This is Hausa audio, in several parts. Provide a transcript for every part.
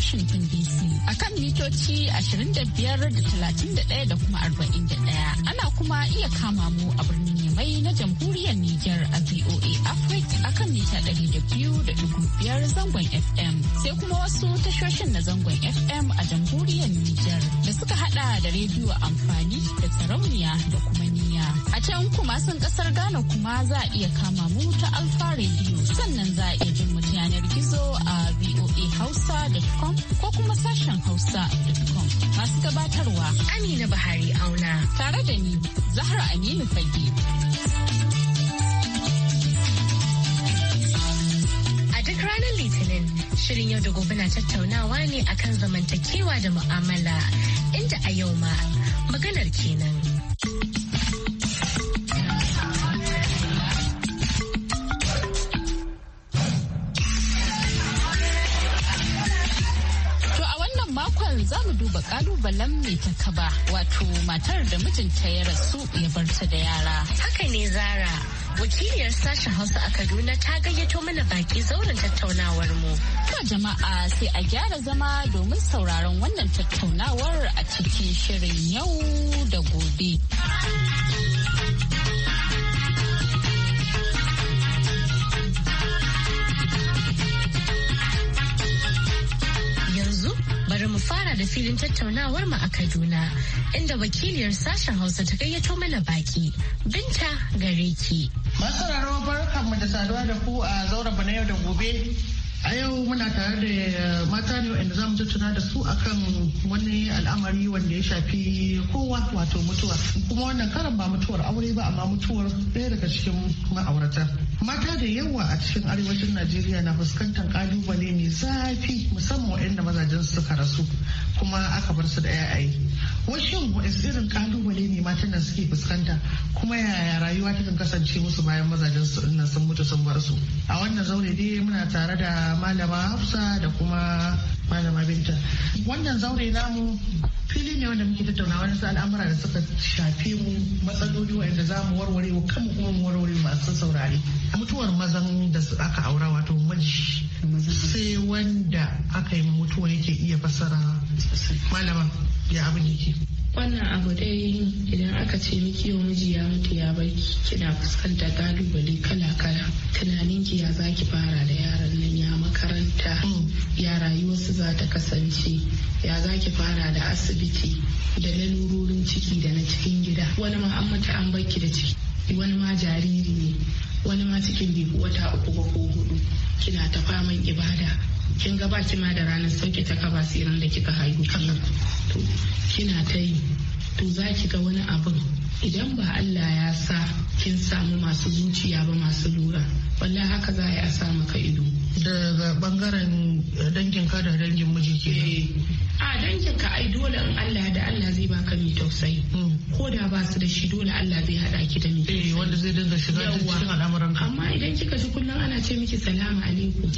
Washington DC a kan mitoci 25.31 da kuma 41. Ana kuma iya kama mu a birnin Yamai na jamhuriyar Nijar a VOA Africa a kan mita 200.5 zangon FM. sai kuma wasu tashoshin na zangon FM a jamhuriyar Nijar da suka hada da rediyo amfani da sarauniya da kuma niyya A can kuma sun kasar Ghana kuma za a iya kama mu ta Alfa rediyo sannan za a iya jin mu yanar gizo a VOA Hausa.com ko kuma sashen Hausa.com. Masu gabatarwa Amina Buhari Auna. Tare da ni Zahra Aminu Fage. Shirin yau da gobe na tattaunawa ne akan zamantakewa da mu'amala inda a yau ma maganar kenan. za mu duba kalubalen mai kaba wato matar da mijinta ya rasu ya barta da yara. Haka ne Zara. wakiliyar sashen hausa a kaduna ta gayyato mana baki zauren tattaunawar mu to jama'a sai a gyara zama domin sauraron wannan tattaunawar a cikin shirin yau da gobe yanzu bari mu fara da filin tattaunawar mu a Kaduna inda wakiliyar sashen Hausa ta gayyato mana baki Binta gare ki. Masu sauraro barkanmu da saduwa da ku a zauren na yau da gobe A yau muna tare da eh, mata ne wanda za mu tattauna da su akan wani al'amari wanda ya shafi kowa wato mutuwa. Kuma wannan karan ba mutuwar aure ba amma mutuwar ɗaya daga cikin ma'aurata. Mata da yawa a cikin arewacin Najeriya na fuskantar kalubale mai zafi musamman waɗanda mazajen suka rasu kuma aka bar su da yayaye. Washin wasu irin kalubale ne matan nan suke fuskanta kuma yaya rayuwa ta kasance musu bayan mazajen sun mutu sun bar su. A wannan zaure dai muna tare da malama hafsa da kuma malama binta wannan zaure namu fili ne wanda muke tattauna wani al'amura da suka shafe mu matsaloli wanda za mu warware wa kanmu kuma mu warware masu saurari mutuwar mazan da aka aura wato maji sai wanda aka yi mutuwa yake iya fassara malama ya abin yake wannan abu dai idan aka ce miki yau miji ya mutu ya barki kina fuskantar kalubale kala-kala tunanin ki ya zaki fara da yaran nan ya makaranta ya rayuwarsu za ta kasance ya zaki fara da asibiti da lalurorin ciki da na cikin gida wani ma an mutu an barki da ciki wani ma jariri ne wani ma cikin bai wata uku ba ko hudu kina ta faman ibada kin ga baki ma da ranar sauke ta kaba siran da kika haihu to kina ta yi to za ki ga wani abin idan ba Allah ya sa kin samu masu zuciya ba masu lura wallahi haka za a yi a sa maka ido daga bangaren dangin ka da dangin miji ke a dangin ka ai dole in Allah da Allah zai baka mai tausayi hmm. ko da ba su da shi dole Allah zai hada ki da mai eh, tausayi wanda zai dinga shiga cikin al'amuran ka amma idan kika ji kullum ana ce miki salama alaikum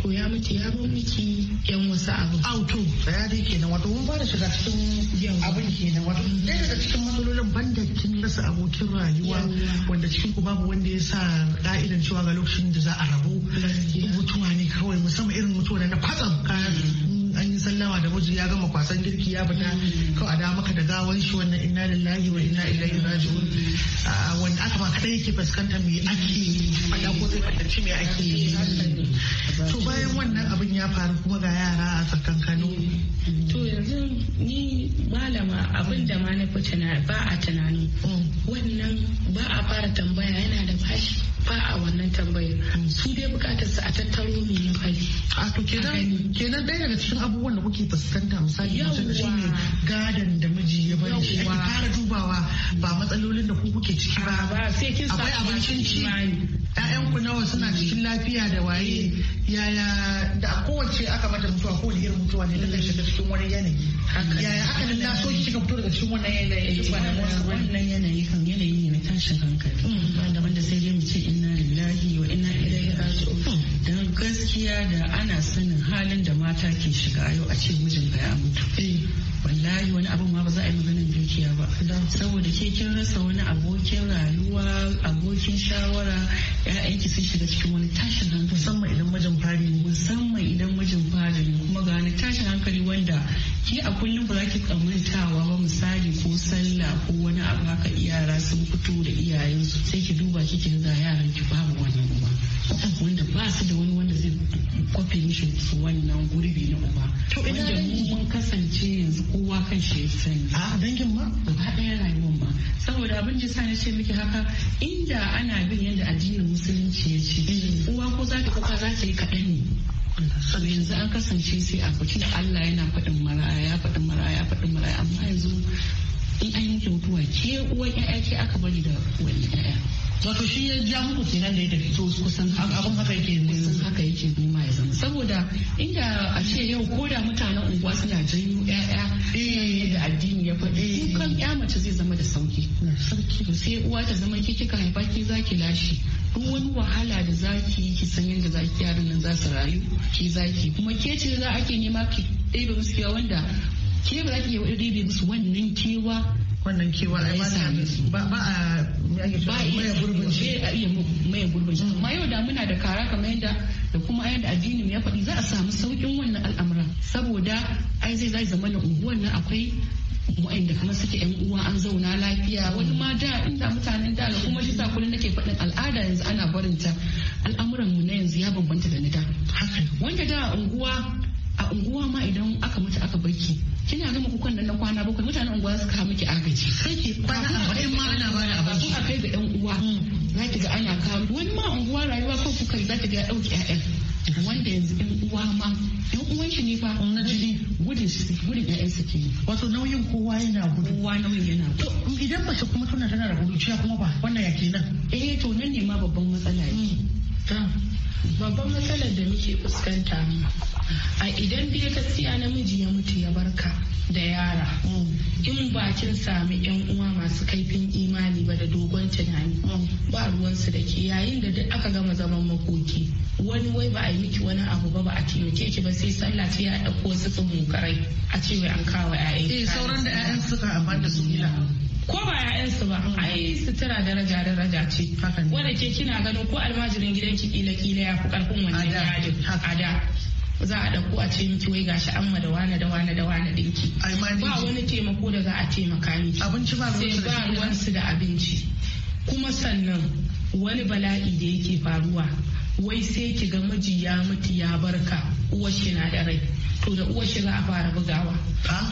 to ya miki ya bar miki yan wasu abu auto ya dai kenan wato mun fara shiga cikin abin kenan wato hmm. ɗaya daga cikin matsalolin banda kin rasa abokin rayuwa wanda cikin ku babu wanda ya sa ka'idan cewa ga lokacin da za a rabu mutuwa ne kawai musamman irin mutuwa na kwatsam hmm. an yi sallama da miji ya gama kwasan girki ya fita kawai a da da gawan shi wannan inna lillahi wa inna ilaihi raji'un wanda aka ba kadai yake fuskanta me ake faɗa ko zai fahimci me ake to bayan wannan abin ya faru kuma ga yara a tsakan kano to yanzu ni malama abin da ma na fi ba a tunani mm. wannan ba a fara tambaya yana da bashi ba a wannan tambayar su dai bukatar su a tattaro mai ya fari a to kenan kenan daga cikin abubuwan da kuke fuskanta misali mace shi ne gadon da miji ya bari shi ake fara dubawa ba matsalolin da ku kuke ciki ba akwai abincin ci ku nawa suna cikin lafiya da waye yaya da kowace aka mata mutuwa ko da irin mutuwa ne daga shiga cikin wani yanayi yaya aka nan so ki kika fito daga cikin wannan yanayi wannan yanayi kan yanayi ne na tashin hankali wanda mm. wanda sai dai mu ce inna lillahi wa inna ilaihi raji'un mm. don gaskiya da ana sanin halin da mata ke shiga yau a ce mijin ya mutu eh. wallahi wani abu ma ba za a yi maganin dukiya ba saboda ke kin rasa wani abokin rayuwa abokin shawara ya'yanki sun shiga cikin wani tashin hankali musamman idan mijin fari ne musamman idan mijin fari ne kuma ga wani tashin hankali wanda ke a kullum ba za ki kamantawa ba misali ko sallah ko wani abu haka yara sun fito da iyayensu sai ki duba ki ki ga yaran ki babu wannan uba wanda ba su da wani wanda zai kwafi mishi su wannan gurbi na uba wanda mu mun kasance yanzu kowa kan shi ya sani a dangin ma gaba ɗaya rayuwar ma saboda abin da na ce miki haka inda ana bin yadda addinin musulunci ya ce mm. uwa ko za ta kuka za ta yi kaɗan ne so yanzu an kasance sai a fita Allah yana faɗin maraya faɗin maraya faɗin maraya amma yanzu in an yanke mutuwa ke uwan ƴaƴa ke aka bari da wani ƴaƴa wato shi ya ja muku kenan da ya tafi to kusan abin haka yake kusan haka yake nema ya zama saboda inda a ce yau ko da mutanen unguwa suna janyo ƴaƴa eh. da addini ya faɗi eh. kan ƴa mace zai zama da sauki sarki sai uwa ta zama ki kika haifa ki zaki lashe duk wani wahala da zaki yi ki san yadda zaki yaran nan za su rayu ki zaki kuma ke ce za a ke nema ki ɗebe musu kewa wanda ke ba za ki iya ɗebe musu wannan kewa wannan kewa a yi ba a maye gurbinci Ba a iya maye gurbinci amma yau da muna da kara kamar yadda da kuma yadda addinin ya faɗi za a samu sauƙin wannan al'amuran saboda ai zai zai zama na unguwan nan akwai wa'anda kuma suke yan uwa an zauna lafiya wani ma da inda mutanen da kuma shi sa kullum nake faɗin al'ada yanzu ana barin ta al'amuran mu na yanzu ya bambanta da na da wanda da unguwa a unguwa ma idan aka mutu aka barki kina gama kukan nan na kwana bakwai mutanen unguwa suka miki agaji kake kwana a ma ana bada abinci a kai ga yan uwa mm. za ki ga ana kawo wani ma unguwa rayuwa ko kuka za ki ga ya ɗauki ƴaƴan wanda yanzu ɗan uwa ma ɗan uwan shi ne fa na jini gudun shi gudun ƴaƴan su ke wato nauyin kowa yana gudu kowa nauyin yana gudu idan su kuma tana tana da gudu kuma ba wannan ya kenan eh to nan ne ma babban matsala ne babban matsalar da muke fuskanta a idan ta gaskiya namiji ya mutu ya barka da yara in bakin sami yan uwa masu kaifin imani ba da dogon tunani ba ruwansu da ke yayin da duk aka gama zaman makoki wani wai ba a yi miki wani abu ba ba a taimake ki ba sai sallah ta ya dauko wasu karai a ce wai an kawo 'ya'yan eh, sauran da 'ya'yan suka da su ko ba ƴaƴansu ba ai sutura daraja daraja ce wanda ke kina ganin ko almajirin gidanki kila kila ya fi karfin wannan yajin a za a ɗauko a ce miki wai gashi amma da wane da wane da wane dinki ba wani taimako da za a taimaka miki abinci ba ruwansu da abinci kuma sannan wani bala'i da yake faruwa wai sai ki ga miji ya mutu ya barka uwar shi na da rai to da uwa shi za a fara bugawa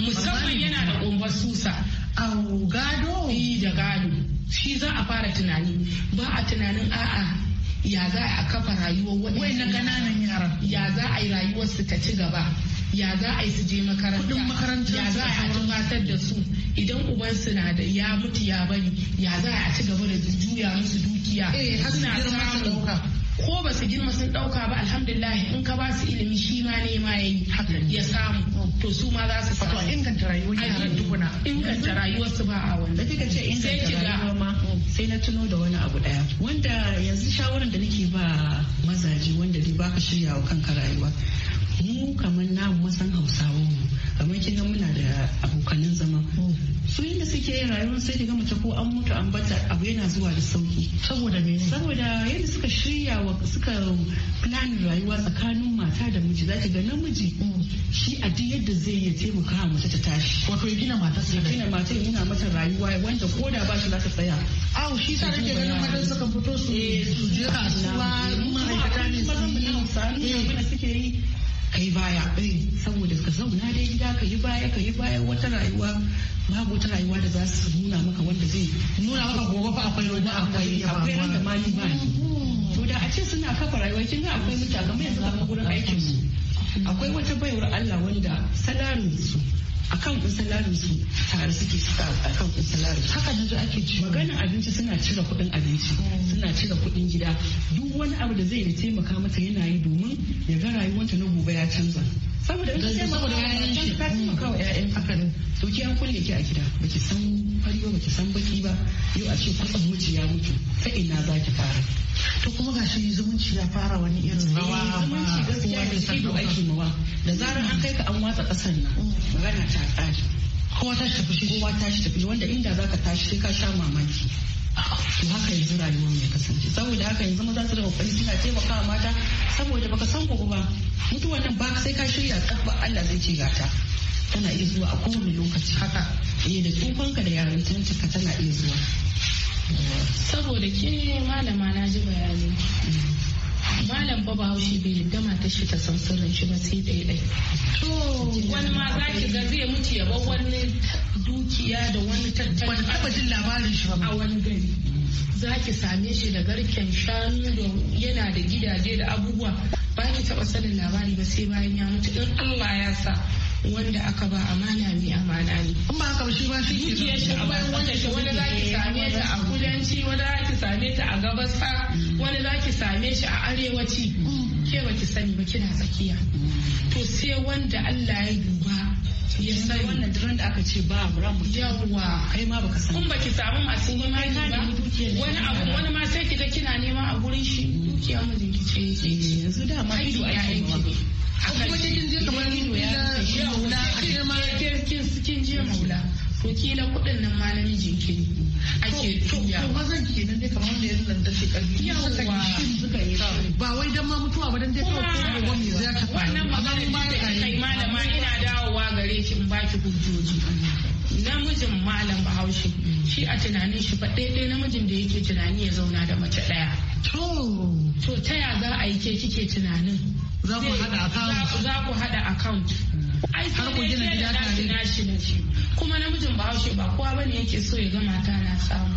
musamman yana da kumbar susa gado da gado shi za a fara tunani ba a tunanin a'a ya za a kafa rayuwar na kananan yara ya za a yi rayuwar su ta ci gaba ya za a yi su je makaranta ya za a tumatar da su idan uban su na da ya mutu ya bari ya za a ci gaba da juya musu dukiya eh, suna samun ko ba su girma sun dauka ba alhamdulillah in ka ba su ilimi shi ma ne ma yayi ya samu to su ma za su samu inganta rayuwar yaran dukuna inganta rayuwar su ba a wanda. da kika ce inganta rayuwa ma mm. sai na tuno da wani abu daya wanda yanzu shawaran da nake ba mazaje wanda dai baka shirya wa kanka rayuwa mu kamar namu masan hausawan mu kamar kin ga muna da abokanin zama su yadda suke yin rayuwar sai ki ga mace ko an mutu an bata abu yana zuwa da sauki saboda me saboda yadda suka shirya wa suka plan rayuwa tsakanin mata da miji zaki ga namiji shi a duk yadda zai iya taimaka wa mace ta tashi wato ya gina mata ya gina mata ya nuna mata rayuwa wanda ko da ba shi za ta tsaya awo shi sa nake ganin matan suka fito su eh, su ma ma'aikata ne su yi suke yi kai baya saboda ka zauna dai gida ka yi baya ka yi baya wata rayuwa babu wata rayuwa da za su nuna maka wanda zai nuna maka gobe fa akwai wani akwai akwai wanda ma ni ba to da a ce suna kafa rayuwa kin ga akwai mutaka mai yanzu kamar gurin aikin su akwai wata baiwar Allah wanda salarin su akan kunsalarin su tare suke suka akan kunsalarin haka yanzu ake ci maganin abinci suna cire kuɗin abinci suna cire kuɗin gida duk wani abu da zai taimaka mata yana yi domin ya ga rayuwanta na gobe ya canza saboda in ka taimaka wa 'ya'yan haka to ki an kulle ki a gida baki san fariyo baki san baki ba yau a ce kwatsam miji ya mutu ta ina zaki fara to kuma gashi zumunci ya fara wani irin rawa zumunci gudumawa da zarar an kai ka an watsa kasar nan magana ta tsari kowa ta tafi shi kowa ta tafi wanda inda za ka tashi sai ka sha mamaki to haka yanzu rayuwar mai kasance saboda haka yanzu maza su da kokari suna taimakawa mata saboda baka san ku ba mutuwan nan ba sai ka shirya tsabba Allah zai ce gata tana iya zuwa a kowane lokaci haka eh da tsufanka da ka tana iya zuwa saboda ke malama na ji bayani mm. malam ba haushi bai yadda mata shi ta sansanin shi ba sai ɗaiɗai. to wani ma za ki ga zai mutu ya bar wani dukiya da wani tattalin labarin shi ba a wani gari za ki same shi da garken shanu da yana da gidaje da abubuwa ba ki taɓa sanin labari ba sai bayan ya mutu in Allah ya sa wanda aka ba amana ne amana ne. In ba haka shi ba shi ke shi a bayan wanda shi wani za ki same ta a kudanci wani za ki same ta a gabasa wani za ki same shi a arewaci ke ba ki sani ba kina tsakiya. To sai wanda Allah ya duba ya sani wannan duran da aka ce ba ran mutum yawa kai ma baka sani kun baki samu masu imani ba wani abu wani ma sai kiga kina nema a gurin shi dukiya eh, yanzu da kamar maula maula to kila kuɗin nan ma namijin ake tuya to mazan kenan dai kamar da yanzu da take karfi yawa ba wai dan ma mutuwa ba dan dai kawai ko wani zai ka fara wannan magana da kai malama ina dawowa gare shi in baki hujjoji namijin malam bahaushe shi a tunanin shi fa ɗaya namijin da yake tunani ya zauna da mace ɗaya. To ta ya za a yi ke kike tunanin? Za ku haɗa account. Za ku haɗa account. Ai sai ku gina gida tare. shi na shi. Kuma namijin bahaushe ba kowa bane yake so ya ga mata na samu.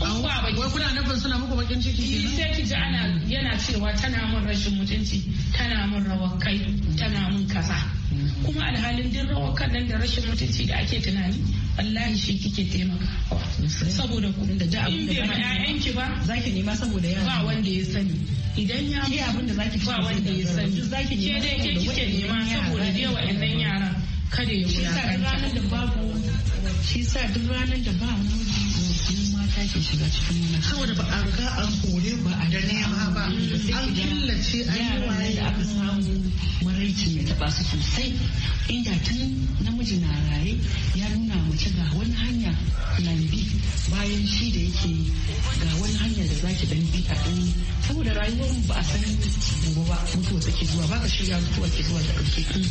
Wai kuna nufin suna muku bakin ciki kenan? Sai ki ji ana yana cewa tana mun rashin mutunci, tana mun rawar kai, tana mun kaza. kuma alhalin din rawar kan nan da rashin mutunci da ake tunani wallahi shi kike taimaka saboda kun da da abin da ba ƴaƴan ki ba zaki nema saboda yara ba wanda ya sani idan ya ki abin da zaki ba wanda ya sani zaki nema ke dai ke kike nema saboda dai wa'annan yara kada ya wulakanta shi sa duk ranar da babu shi sa duk ranar da ba mu sake shiga cikin nuna. saboda ba a riga an kore ba a dare nema ba an killace an yi waye da aka samu maraici ya taba su sosai inda tun namiji na raye ya nuna mace ga wani hanya lambi bayan shi da yake ga wani hanya da zaki dan bi a dan saboda rayuwar ba a san gobe ba mutuwa take zuwa ba ka shirya mutuwa ke zuwa da ɗauke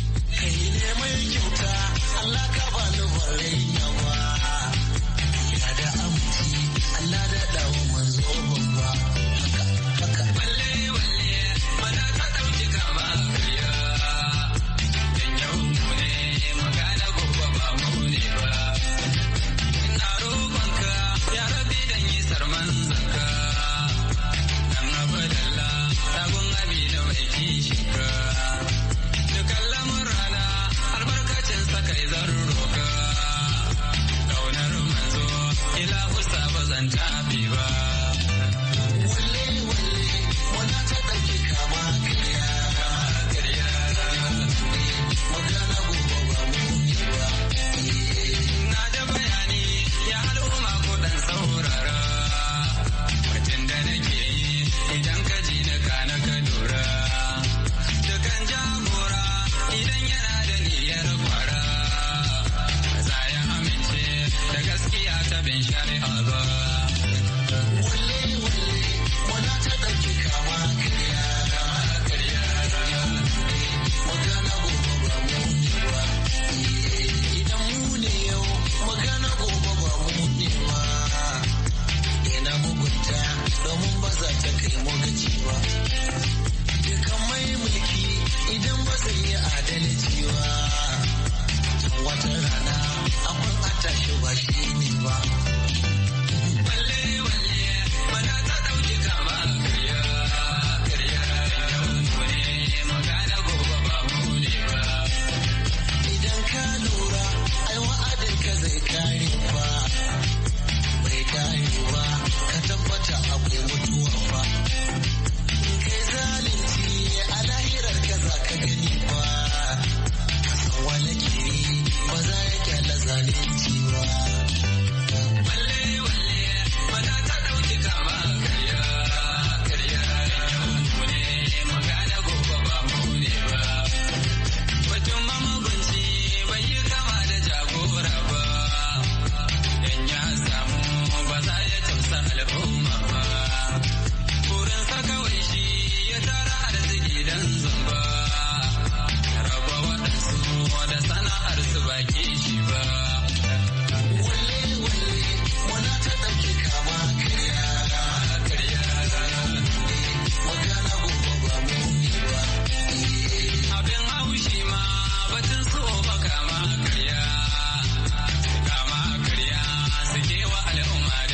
on my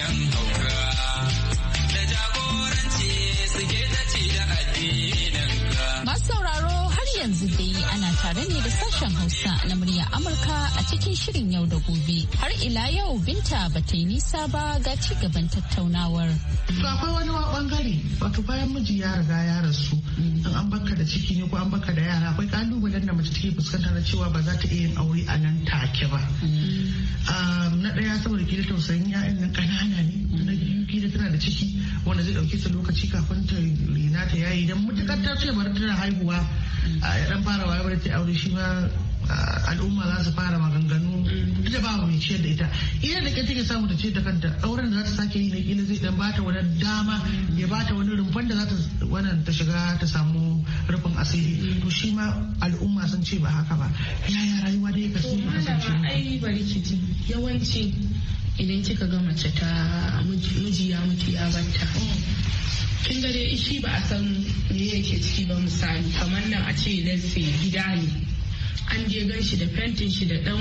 sashen Hausa na murya Amurka a cikin shirin yau da gobe. Har ila yau Binta ba ta yi nisa ba ga ci gaban tattaunawar. To akwai wani bangare wato bayan miji ya riga ya rasu in an baka da ciki ne ko an baka da yara akwai kalubalen da mace take fuskanta na cewa ba za ta iya yin aure a nan take ba. Mm. Ah, na ɗaya saboda da tausayin 'ya'yan nan ƙanana ne da ciki wanda zai dauke ta lokaci kafin ta rena ta yayi dan mutakar ta ce bar tana haihuwa a dan fara waye bari ta aure shi ma al'umma za su fara maganganu duk da ba mai ciyar da ita idan da take samu ta ce ta kanta auren da za ta sake yi na kila zai dan bata wani dama ya bata wani rumfan da za ta wannan ta shiga ta samu rufin asiri to shi ma al'umma sun ce ba haka ba yaya rayuwa dai ka sun kasance ai bari ki yawanci idan kika ga mace ta miji ya mutu ya batta kin dai shi ba a san me yake ciki ba misali kamar nan a ce idan sai gida ne an je gan shi da fentin shi da dan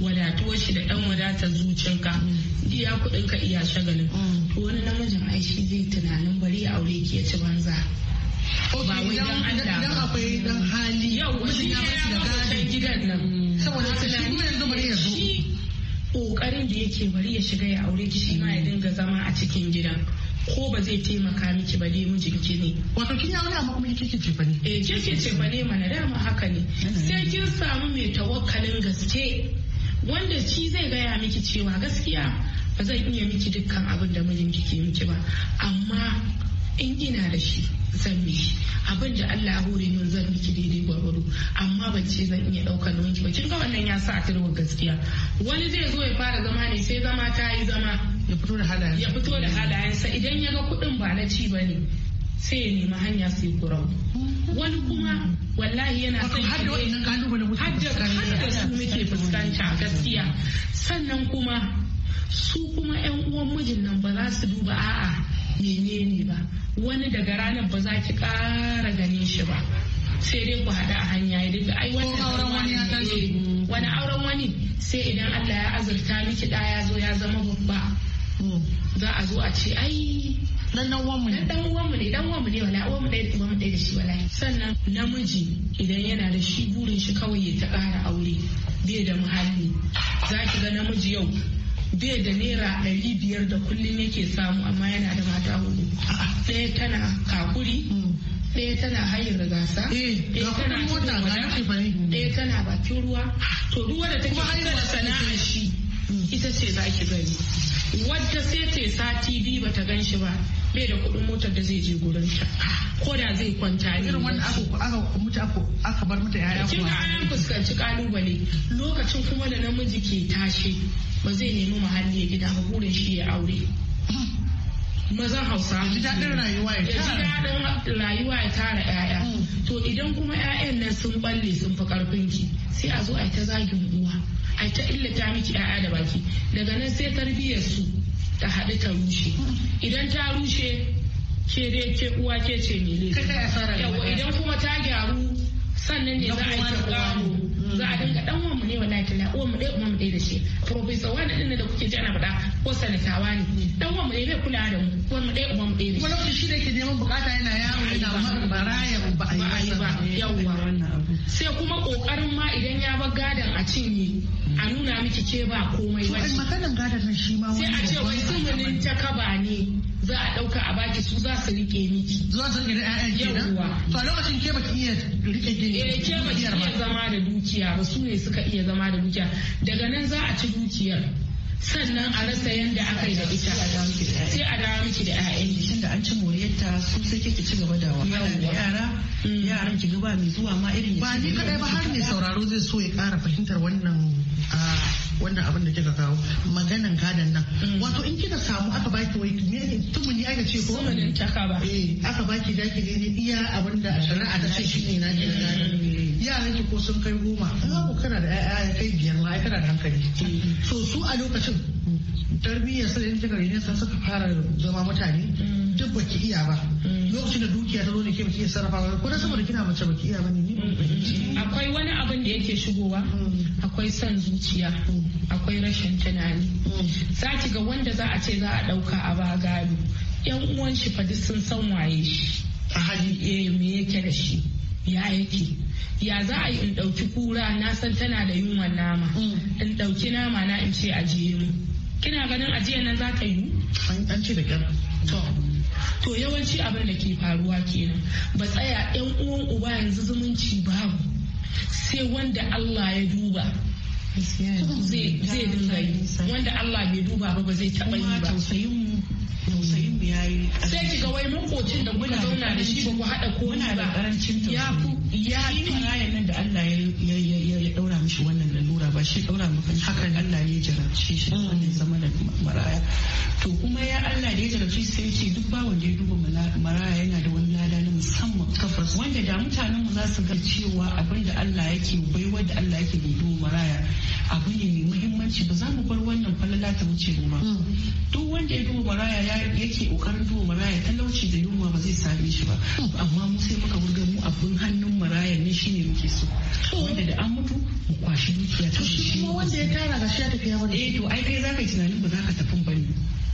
wadatuwar shi da dan wadatar zucinka iya kudin ka iya shagalin to wani namijin ai shi zai tunanin bari ya aure ki ya ci banza ba wai dan Allah dan akwai dan hali yau wani ya da gidan nan saboda shi kuma yanzu bari ya zo kokarin da yake bari ya shiga ya aure ki shi ma ya dinga zama a cikin gida ko ba zai taimaka miki ba dai mijinki ne. Wato kin yawo amma kuma kike ce ba ne. Eh kike ce ba ne mana dama haka ne. Sai kin samu mai tawakkalin gaske wanda shi zai gaya miki cewa gaskiya ba zan iya miki dukkan abin da mijinki ke miki ba amma in ina da shi zan mishi abin da Allah hore min zan miki daidai gwargwado amma ban ce zan iya ɗaukar nauyi ba kin ga wannan ya sa a tarwa gaskiya wani zai zo ya fara zama ne sai zama ta yi zama ya fito da halayen ya fito da halayensa idan ya ga kuɗin ba na ci ba ne sai ya nemi hanya sai kurau wani kuma wallahi yana son har da wa'annan kalubale su muke fuskanta gaskiya sannan kuma su kuma yan uwan mijin nan ba za su duba a'a menene ba wani daga ranar ba za ki ƙara ganin shi ba sai dai ku haɗu a hanya ya dinga ai wani auren wani ya eh, wani auren wani sai idan Allah ya azurta miki da ya zo ya zama babba za a zo a ce ai dan dan uwanmu ne dan uwanmu ne dan uwanmu ne wala uwanmu da uwanmu ɗaya da shi wala sannan namiji idan yana da shi burin shi kawai ya ta ƙara aure bai da muhalli za ki ga namiji yau bai da naira ɗari biyar da kullum yake samu amma yana da mata hudu ɗaya tana kakuri mm. ɗaya tana hayar da gasa eh, ɗaya tana bakin ruwa to kuma wanda take sana'a shi ita ce za ki gani wadda sai ta sati biyu ba ta gan shi ba bai da kuɗin motar da zai je gurin ta ko da zai kwanta ne irin wani aka mutu aka bar mata yaya kuma kin fuskanci kalubale lokacin kuma da namiji ke tashi ba zai nemi muhalli ya gida ba burin shi ya aure mazan hausa ya ji daɗin rayuwa ya tara. ji daɗin rayuwa ya tara 'ya'ya mm. to idan kuma 'ya'yan nan sun balle sun fi ƙarfin ki sai a zo a yi ta zagin uwa a ta illata miki 'ya'ya da baki daga nan sai tarbiyyar su ta haɗu ta rushe idan ta rushe ke dai ke uwa ke ce mai laifi idan kuma ta gyaru sannan ne za a yi ta za a dinga dan uwan mu ne wallahi talla uwan mu dai uwan mu dai da shi professor wani din da kuke ji ana faɗa ko sanatawa ne dan uwan mu ne bai kula da mu uwan mu dai uwan mu dai da shi wani shi da ke neman bukata yana yawo yana baraya ba a yi ba yawwa sai kuma kokarin ma idan ya bar gadon a cinye a nuna miki ke ba komai ba. Sai gadon a ce wai sumunin ta kaba ne za a ɗauka a baki su za su rike miki. Za su rike da ƴaƴan kenan? To a lokacin ke baki iya rike gini. Eh ke baki iya zama da dukiya ba su ne suka iya zama da dukiya. Daga nan za a ci dukiyar. sannan a rasa yadda aka yi da ita sai a dawo miki da ƴaƴan ki da an ci moriyarta su sai ke ci gaba da wahala da yara mm. yaran ki gaba mai zuwa ma irin ba ni kadai ba har ne sauraro zai so ya kara fahimtar wannan Ah, wannan abin da kika kawo maganan kadan nan mm. wato in kika samu aka baki wai me ya ga ce ko ba eh aka baki da ne ne iya abin da shari'a ta ce shine na ke Ya ki ko sun kai goma ku kana da ya kai biyar ma kana da hankali mm. so su a lokacin tarbiyyar sai da kika ne sun suka fara zama mutane mm. duk baki iya ba mm. lokacin da dukiya ta zo ne ke baki iya sarrafa ko da saboda kina mace baki iya bane ni akwai wani abin da yake shigowa mm. akwai son zuciya mm. akwai rashin tunani za ga wanda za a ce za a dauka a ba gado yan uwan shi fa duk sun san waye shi a hali eh me yake da shi ya yake ya za a yi in ɗauki kura na san tana da yunwan nama in ɗauki nama na in ce ajiye mu kina ganin ajiyar nan za ta yi an ce da kyar to yawanci abin da ke faruwa kenan ba tsaya yan uwan uba yanzu zumunci babu sai wanda Allah ya duba zai dinga yi wanda Allah bai duba ba ba zai taɓa yi ba sai ki ga wai makocin da kuka zauna da shi ba ku haɗa ko ba ya fi ya fi nan da Allah ya mishi wannan lalura ba shi daura maka haka Allah ya jarabce shi wannan zama da maraya to kuma ya Allah da ya jarabce sai ce duk bawon da ya duba maraya yana da wani lada na musamman kafas wanda da mutanen mu za su ga cewa abin da Allah yake baiwa da Allah yake duba maraya abu ne mai muhimmanci ba za mu bar wannan falala ta wuce mu ba mm. duk wanda ya duba maraya yake kokarin duba maraya talauci da yunwa ba zai same shi ba mm. amma mu sai muka wurga mu abin hannun maraya ne shine muke so wanda da an mutu ku kwashi dukiya to shi kuma wanda ya tara ga shi ya tafi eh to ai kai za yi tunanin ba za ka tafi ba ne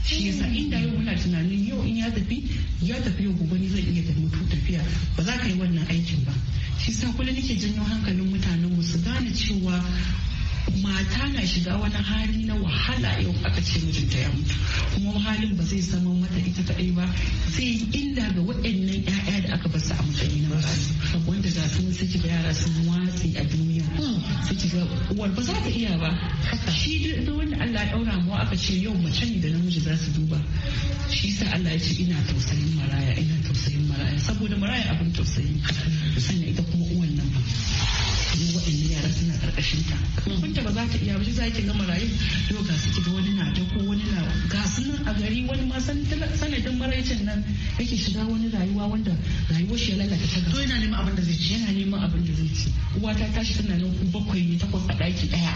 shi yasa inda yau muna tunanin yau in ya tafi ya tafi yau gobe ni zai iya tafi mutu tafiya ba za ka yi wannan aikin ba shi yasa kullum nake janyo hankalin mutanen mu su gane cewa mata na shiga wani hali na wahala yau aka ce mijinta ya mutu kuma halin ba zai zama mata ita kaɗai ba zai illa ga waɗannan 'ya'ya da aka basa a matsayi na wanda za su wasu ga yara sun ga uwar ba za ta iya ba shi duk wanda Allah ya daura mu aka ce yau mace ne da namiji za su duba shi sa Allah ya ce ina tausayin maraya ina tausayin maraya saboda maraya abin tausayi sannan ita kuma uwan nan ba manyan yara suna karkashin ta ta ba za ta iya ba za ki gama rayu yau ga su ga wani na da ko wani na ga su nan a gari wani ma sanadin maraicin nan yake shiga wani rayuwa wanda rayuwar shi ya lalata ta gaba to yana neman abin da zai ci yana neman abin da zai ci uwa ta tashi tana nan ku bakwai ne takwas a daki daya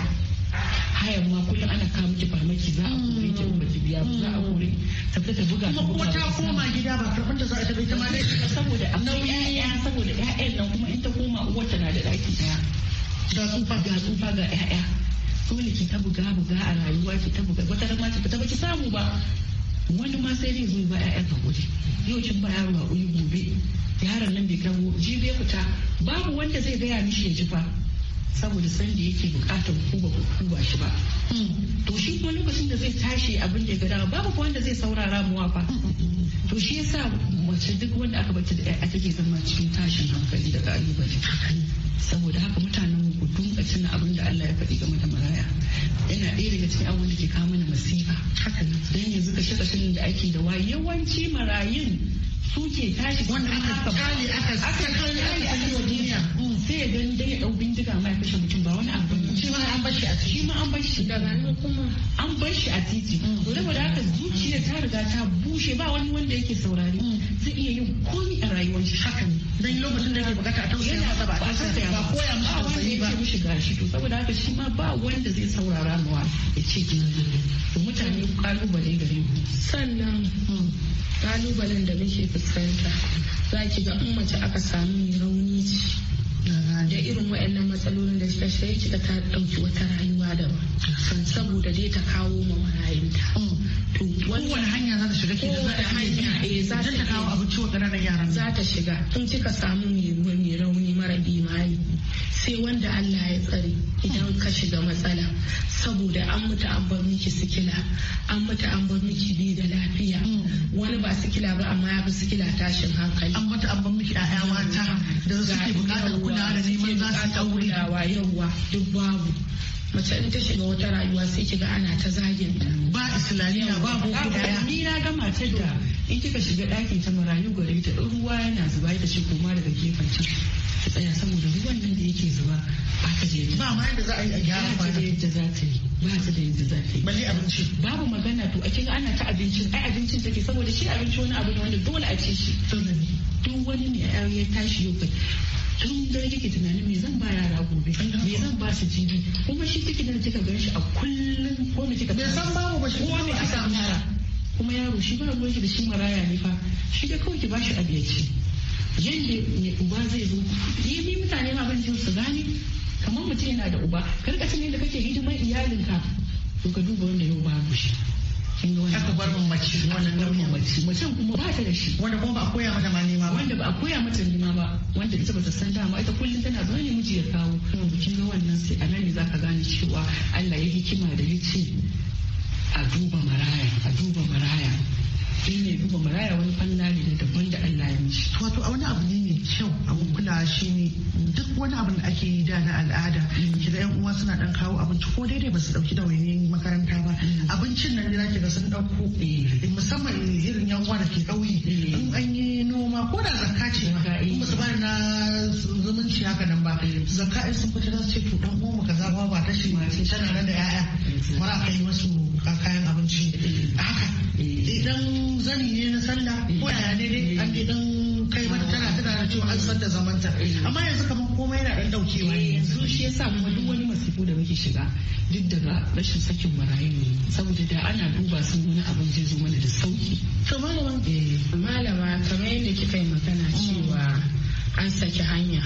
hayan ma kullum ana kawo miki farmaki za a kore ki ba ki biya za a kore tafi ta buga kuma kuma ta koma gida ba karfin da za a tabbata ta ma dai saboda nauyi saboda ƴaƴan nan kuma in ta koma uwar ta na da daki daya ga tsufa ga tsufa ga 'ya'ya dole ki ta buga buga a rayuwa ki ta buga wata da ki fita ba samu ba wani ma sai dai zai ba ka gode yau kin ba yaro uyi gobe yaron nan bai kawo jibe fita babu wanda zai gaya mishi ya ji fa saboda sanda yake bukatar ku ba ku ba shi ba hmm. to shi kuma lokacin da zai tashi abin da ya gada babu wanda zai saurara mu fa to shi yasa mace duk wanda aka bata da 'ya'ya take zama cikin tashin hankali da kalubale saboda haka mutanen ku dunga tuna abin da Allah ya faɗi game da maraya yana ɗaya daga cikin abubuwan da ke kawo mana masifa haka dan yanzu kashe kashen da ake da wa yawanci marayun suke tashi wanda aka kare aka kare aka kare a duniya sai ya dai ya dau bindiga mai kashe mutum ba wani abu ne shi ma an bar shi a titi shi ma an bar shi daga nan kuma an bar shi a titi mm. saboda haka zuciya ta riga ta bushe ba wani wanda yake saurare mm. zai iya yin komi a rayuwar shi haka ne dan lokacin da yake bukata a tausaya masa ba a tausaya ba koya masa tausayi ba mishi gashi to saboda haka shi ma ba wanda zai saurara mawa ya ce kin to mutane kalubale gare mu sannan mm, kalubalen da muke fuskanta za ki ga in mace aka samu rauni ce da irin waɗannan matsalolin da suka sai kika ta dauki wata rayuwa da saboda dai ta kawo ma marayinta mm. To wani hanya za ta shiga ke da hanya eh za ta kawo abinci wa ƙananan yaran. Za ta shiga tun kika samu mai rauni mara imani sai wanda Allah ya tsare idan ka shiga matsala saboda an mutu an bar miki sikila an mutu an bar miki bi da lafiya wani ba sikila ba amma ya fi sikila tashin hankali an mutu an bar miki ƴaƴa mata da suke bukatar kulawa da neman za su aure yawa duk babu mace in ta shiga wata rayuwa sai kiga ana ta zagin ba islamiyya ba ko daya ni na ga mace da in kika shiga ɗakin ta marayu gare ta ruwa yana zuba ita ce koma daga gefen ta tsaya saboda ruwan nan da yake zuba ba ta je ba ma yadda za a yi a gyara ba ta da yadda za ta yi ba ta da yadda za ta yi balle abinci babu magana to a kinga ana ta abincin ai abincin take saboda shi abinci wani abu ne wanda dole a ci shi duk wani ne ya tashi yau kai tun dare kike tunanin me zan ba yara gobe me zan ba su jini kuma shi kike da kika gan a kullum ko me kika me san babu ba shi ko me kika yara kuma yaro shi ba ruwan shi da shi maraya ne fa shi da kawai ki ba shi abiyaci yadda ne uba zai zo ni bi mutane ma ban jin su gane kamar mutum yana da uba karkashin yadda kake hidimar iyalinka to ka duba wanda yau babu shi aka bar mu mace wannan nauyin mace mace kuma ba ta da shi wanda kuma ba a koya mata ma nema ba wanda ba a koya mata nema ba wanda ita ba ta san dama ita kullum tana zo ne miji ya kawo kin ga wannan sai a nan ne zaka gane cewa Allah ya hikima da ya ce a duba maraya a duba maraya don ya duba maraya wani fanna ne da daban da Allah ya mishi. Wato a wani abu ne mai kyau abin kula shi ne duk wani abin da ake yi da na al'ada kiga yan uwa suna dan kawo abinci ko daidai ba su dauki da wani makaranta ba mm. abincin nan da kiga sun dauko eh. musamman irin yan uwa da ke kauye eh. in an yi noma ko da zakka ce kuma su bani eh. na zumunci haka nan ba zakka in sun fita za su ce to dan uwa mu kaza ba ba ta shi tana nan da yaya mara kai masu kayan abinci haka idan zani ne na sallah ko yaya ne dai an dan kai mata tana tana da cewa an san da zamanta amma yanzu kamar komai yana dan daukewa ne eh, yanzu shi yasa kuma duk wani masifo da muke shiga duk daga rashin sakin marayu ne saboda da ana duba sun wani abin zai zo mana da sauki to malama eh, malama kamar yadda kika yi magana mm. cewa an saki hanya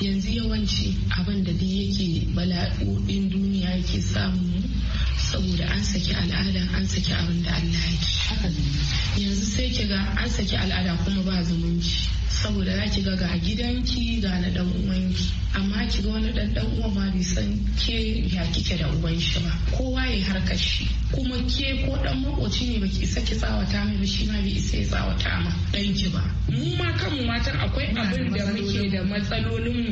yanzu yawanci abin da duk yake bala'o'in duniya yake samu saboda an saki al'ada an saki abin da Allah ya yanzu sai ki ga an saki al'ada kuma ba zumunci saboda za ki ga ga gidanki ga na dan uwanki amma ki ga wani dan dan uwa ma bai san ke ya kike da uwan shi ba kowa ya harkar shi kuma ke ko dan makoci ne baki isa ki tsawata mai ba shi ma bai isa ya tsawata ma dan ki ba mu ma kanmu matan akwai abin da muke da matsalolin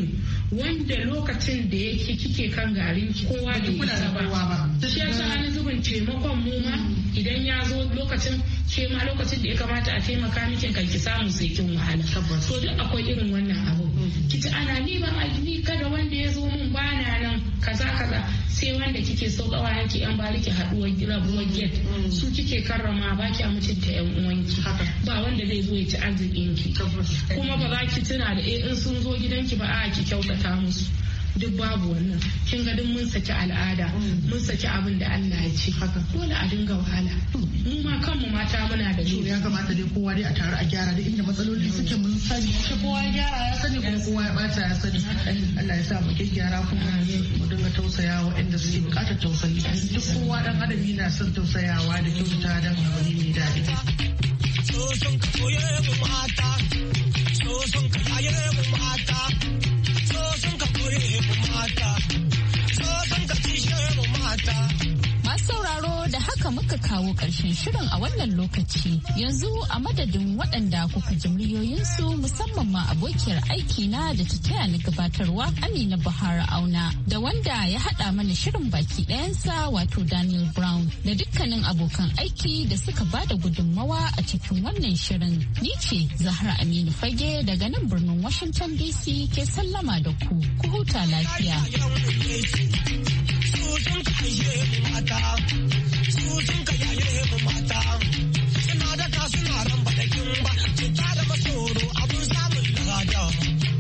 mu wanda lokacin da yake kike kan garin kowa da isa ba shi sa an zubin taimakon mu ma mm. idan ya zo lokacin ke ma lokacin da ya kamata a taimaka mikin kan ki samu sai kin wahala so duk akwai irin wannan abu mm. kici ana ni ba ni kada wanda ya zo mun bana nan kaza kaza sai wanda kike so kawayen ki yan bariki haduwar rabuwar get mm. su kike karrama ba ki mutunta yan uwanki ba wanda zai zo ya ci arzikin ki kuma ba za ki tuna da eh in sun zo gidanki ba a ki kyautata musu duk babu wannan kin ga duk mun saki al'ada mun saki abin da Allah ya ce dole a dinga wahala mu ma kanmu mata muna da ni ya kamata dai kowa dai a tare a gyara duk inda matsaloli suke mun sani shi kowa ya gyara ya sani kuma kowa ya bata ya sani Allah ya sa mu gyara kuma mu dinga tausaya inda suke bukatar tausayi duk kowa dan adam yana son tausayawa da kyautata dan abu mai daɗi so son ka koye mu mata so son ka yaye mu mata Masu sauraro haka muka kawo ƙarshen shirin a wannan lokaci yanzu a madadin waɗanda kuka ji su musamman ma abokiyar aiki na da ta taya ni gabatarwa amina buhari auna da wanda ya haɗa mana shirin baki ɗayansa wato daniel brown da dukkanin abokan aiki da suka ba da gudunmawa a cikin wannan shirin ni ce zahra aminu fage daga nan birnin washington dc ke sallama da ku ku huta lafiya. su sun ka yaye mata suna daka suna ran badakin ba cuta da masoro abun samun lada